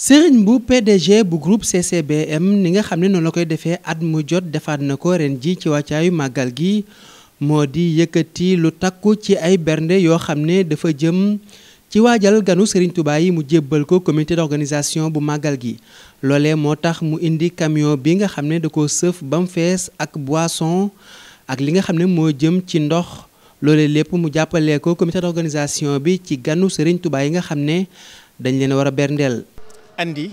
Serigne bu PDG bu groupe CCBM ni nga xam ne noonu la koy defee at mu jot defaat na ko ren ji ci wàccaayu màggal gi moo di yëkkati lu takku ci ay bernde yoo xam ne dafa jëm ci waajal ganu Serigne tubaay yi mu jébbal ko comité d'organisation bu màggal gi loolee moo tax mu indi camion bi nga xam ne da ko sëf ba mu fees ak boisson ak li nga xam ne moo jëm ci ndox loole lépp mu jàppale ko comité d'organisation bi ci ganu Serigne tubaay yi nga xam ne dañ leen war a berndeel andi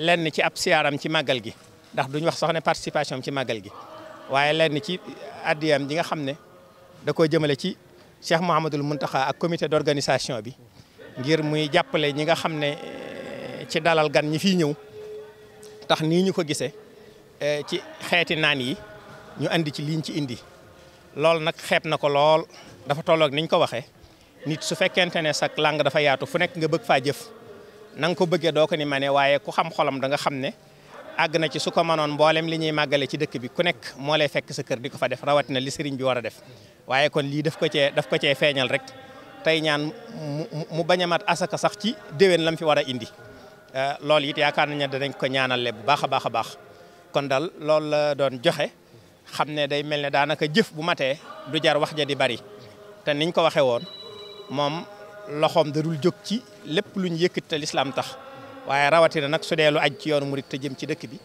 lenn ci ab siyaaram ci màggal gi ndax duñ wax sax ne participation ci màggal gi waaye lenn ci addiyam ji nga xam ne da koo jëmale ci Cheikh mun taxa ak comité d'organisation bi ngir muy jàppale ñi nga xam ne eh, ci dalal gan ñi fi ñëw tax nii ñu ko gisee eh, ci xeeti naan yi ñu andi ci liñ ci indi loolu nag xeeb na ko lool dafa tolloog niñ ko waxee nit su fekkente ne sax làng dafa yaatu fu nekk nga bëgg faa jëf na nga ko bëggee doo ko ni mane waaye ku xam xolam da nga xam ne àgg na ci su ko mënoon mboolem li ñuy màggale ci dëkk bi ku nekk moo lay fekk sa kër di ko fa def rawatina li sëriñ bi war a def waaye kon lii daf ko cee daf ko cee feeñal rek tey ñaan mu bañ a mat asaka sax ci déwén lam fi war a indi euh, loolu it yaakaar nañ ne danañ ko ñaanale bu baax a baax a baax kon daal loolu la doon joxe xam ne day mel ne daanaka jëf bu matee du jar wax ja di bari te niñ ko waxee woon loxoom da jóg ci lépp lu ñu yëkkati te lislaam tax waaye rawatina nag su dee lu aj ci yoonu murit te jëm ci dëkk bi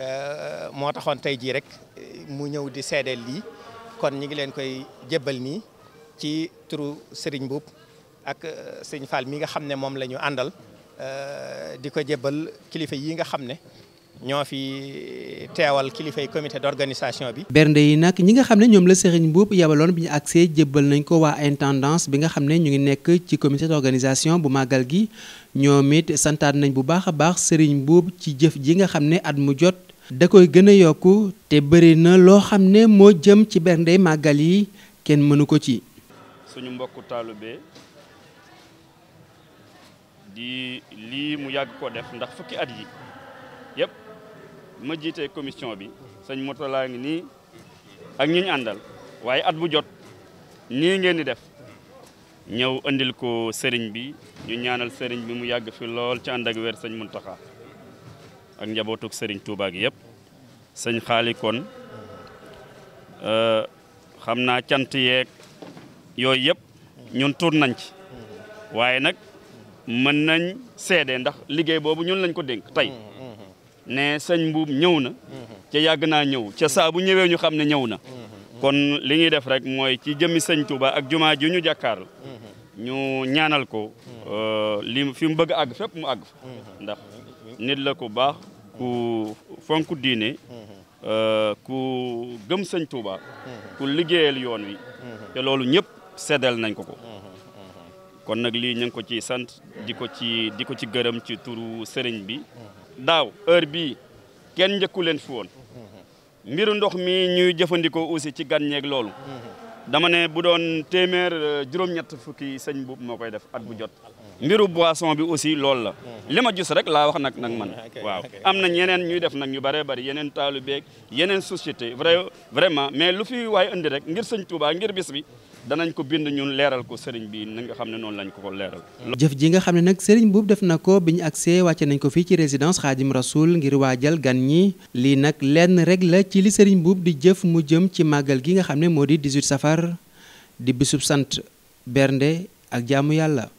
eh, moo taxoon tey jii rek eh, mu ñëw di seedeel lii kon ñu ngi leen koy jébbal nii ci turu sëriñ Mboup ak eh, Serigne Fall mi nga xam ne moom la ñu àndal di ko jébbal kilifa yi nga xam ne ñoo fi teewal kilifay comité d'organisation bi. bernde yi nag ñi nga xam ne ñoom la Serigne Mboup yabaloon bi ñu agsee jébbal nañ ko waa intendance bi nga xam ne ñu ngi nekk ci comité d'organisation bu màggal gi ñoom it santaat nañ bu baax a baax sëriñ Mboup ci jëf ji nga xam ne at mu jot. da koy gën a yokku te bëri na loo xam ne moo jëm ci bernde màggal yi kenn mënu ko ci. suñu mbokku taalube di lii mu yàgg ko def ndax fukki at yi yépp ma jiite commission bi sëñ Mourtala ngi nii ak ñuñ àndal waaye at bu jot nii ngeen di def ñëw andil ko sëriñ bi ñu ñaanal sëriñ bi mu yàgg fi lool ci ànd ak wér sëñ Muntaxa ak njabootuk sëriñ Touba gi yëpp sëñ xaali kon euh, xam naa cant yeeg yooyu yëpp ñun tur nañ ci waaye nag mën nañ seede ndax liggéey boobu ñun lañ ko dénk tey ne sëñ mbuub ñëw na ca yàgg naa ñëw ca saa bu ñëwee ñu xam ne ñëw na kon li ñuy def rek mooy ci jëmmi sëñ Touba ak jumaa ji ñu jàkkaar ñu ñaanal ko euh, li fi mu bëgg àgg fépp mu àgg ndax nit la ko baax ku fonk diine euh, ku gëm sëñ Touba ku liggéeyal yoon wi te loolu ñëpp seddal nañ ko ko kon nag lii ñu ngi ko ci sant di ko ci di ko ci gërëm ci turu sëriñ bi daaw heure bii kenn njëkku leen fi woon mbiru ndox mi ñuy jëfandikoo aussi ci gan ñeeg loolu dama ne bu doon téeméer euh, juróom-ñett fukki sëñ bu moo koy def at bu jot mbiru boisson bi aussi loolu la li ma gis rek laa wax nag nag man waaw am na ñeneen ñuy def nag ñu bëree bëri yeneen taalu beeg yeneen société vrai vraiment mais lu fi waay indi rek ngir sëñ Touba ngir bis bi danañ ko bind ñun leeral ko sëriñ bi na nga xam ne noonu lañ ko ko leeral. jëf ji nga xam ne nag sëriñ buub def na ko bi ñu agsee wàcce nañ ko fii ci résidence xaadim rasul ngir waajal gan ñi lii nag lenn rek la ci li sëriñ buub di jëf mu jëm ci màggal gi nga xam ne moo di 18 safar di bisub sant bernde ak jaamu yàlla.